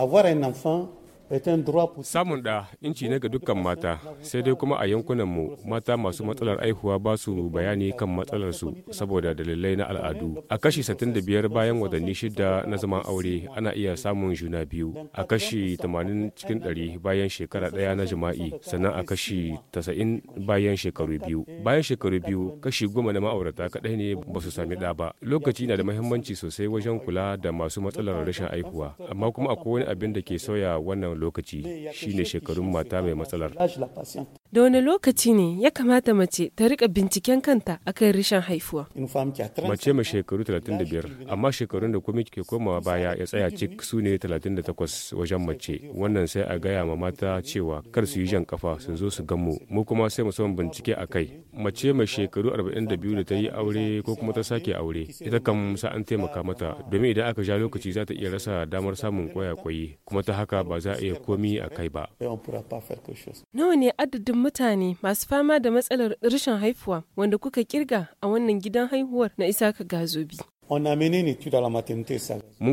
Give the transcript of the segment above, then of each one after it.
Avoir un enfant Samun da inci ne ga dukkan mata, sai dai kuma a yankunanmu mata masu matsalar aihuwa ba su bayani kan matsalarsu saboda dalilai na al'adu. A kashi 65 bayan watanni shida na zaman aure ana iya samun juna biyu, a kashi 80 cikin 100 bayan shekara daya na jima'i, sannan a kashi 90 bayan shekaru biyu. Bayan shekaru biyu, kashi goma na ma'aurata kadai ne ba su sami da ba. Lokaci na da mahimmanci sosai wajen kula da masu matsalar rashin aihuwa, amma kuma akwai wani abin da ke sauya wannan lokaci shine shekarun mata mai matsalar Da wani lokaci ne ya kamata mace ta rika binciken kanta akan rishin haifuwa? Mace mai shekaru 35, amma shekarun da kuma ke komawa baya ya tsaya cik su ne 38 wajen mace. Wannan sai a gaya ma mata cewa kar su yi jan kafa sun zo su gamu, mu kuma sai mu samun bincike a kai. Mace mai shekaru 42 da ta yi aure ko kuma ta sake aure, ita kam sa an taimaka mata domin idan aka ja lokaci za ta iya rasa damar samun kwaya-kwayi, kuma ta haka ba za a iya komi a kai ba. Nawa ne adadin mutane masu fama da matsalar rashin haifuwa wanda kuka kirga a wannan gidan haihuwar na Isaka Gazobi. Mun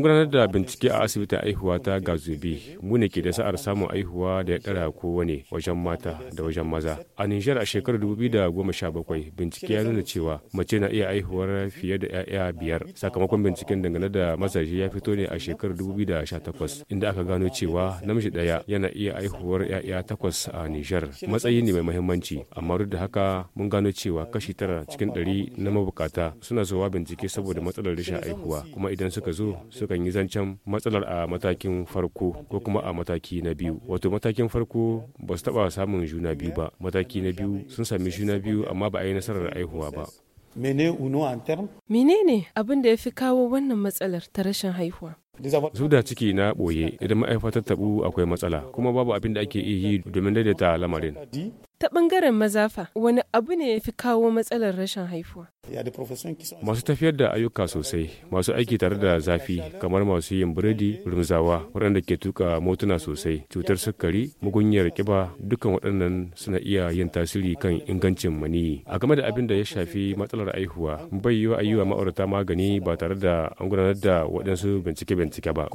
gudanar da bincike a asibitin aihuwa ta Gazubi, mu ne ke da sa'ar samun aihuwa da ya ɗara kowane wajen mata da wajen maza. A Nijar a shekarar 2017 bincike ya nuna cewa mace na iya aihuwar fiye da 'ya'ya biyar. Sakamakon binciken dangane da mazaje ya fito ne a shekarar 2018 inda aka gano cewa namiji ɗaya yana iya aihuwar 'ya'ya takwas a Nijar. Matsayi ne mai muhimmanci, amma duk da haka mun gano cewa kashi tara cikin ɗari na mabukata suna zuwa bincike saboda matsalar matsalar rashin aikuwa kuma idan suka zo sukan yi zancen matsalar a matakin farko ko kuma a mataki na biyu wato matakin farko ba su taɓa samun juna biyu ba mataki na biyu sun sami juna biyu amma ba a yi nasarar aihuwa ba mene ne menene abin da ya fi kawo wannan matsalar ta rashin haihuwa zuda ciki na ɓoye idan ma'aifa ta tabu akwai matsala kuma babu abin da ake iya yi domin daidaita lamarin Ta ɓangaren mazafa wani abu ne ya fi kawo matsalar rashin haifuwa? Masu tafiyar da ayyuka sosai, masu aiki tare da zafi, kamar masu yin biredi, rumzawa, waɗanda ke tuka motuna sosai, cutar sukari, mugunyar kiba, dukkan waɗannan suna iya yin tasiri kan ingancin maniyi. A game da abin da ya shafi matsalar haihuwa bai yiwa ayyuwa ma'aurata magani ba tare da an gudanar da waɗansu bincike-bincike ba.